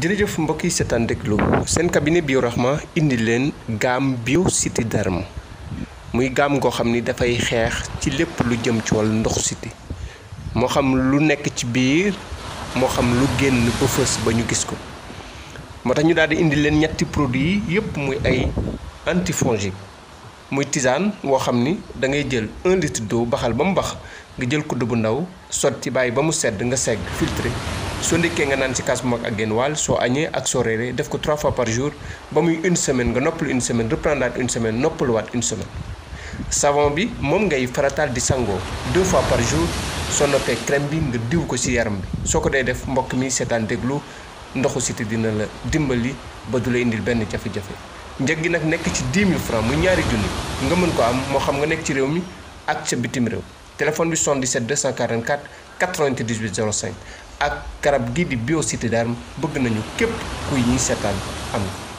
jërëjëf mbokk yi seetaan déglu seen biir wax ma indi leen gaam bio cité derme muy gaam goo xam ni dafay xeex ci lépp lu jëm ci wàllu ndox cité moo xam lu nekk ci biir moo xam lu génn ba ba ñu gis ko moo tax ñu daal di indi leen ñetti produit yépp muy ay antifongique muy tisane woo xam ni dangay jël un litre baxal ba mu bax nga jël kudd bu ndaw sotti bàyyi ba mu sedd nga segg filtré soo ndekkee nga naan ci kaas bu mag ak genn wàll soo añee ak soo reeree def ko trois fois par jour ba muy une semaine nga noppalu une semaine reprendre une semaine noppaluwaat une semaine. savon bi moom ngay farataal di sangoo deux fois par jour soo noppee crème bi nga diw ko ci yaram bi soo ko dee def mbokk mi seetaan déglu ndoxu cité dina la dimbali ba du la indil benn jafe-jafe. njëg gi nag nekk ci 10 000 francs mu ñaari junni nga mën ko am moo xam nga nekk ci réew mi ak ca bitim réew téléphone bi 77 244 98 05. ak garab gii di biocide derme bëgg nañu képp kuy ñuy seetaan am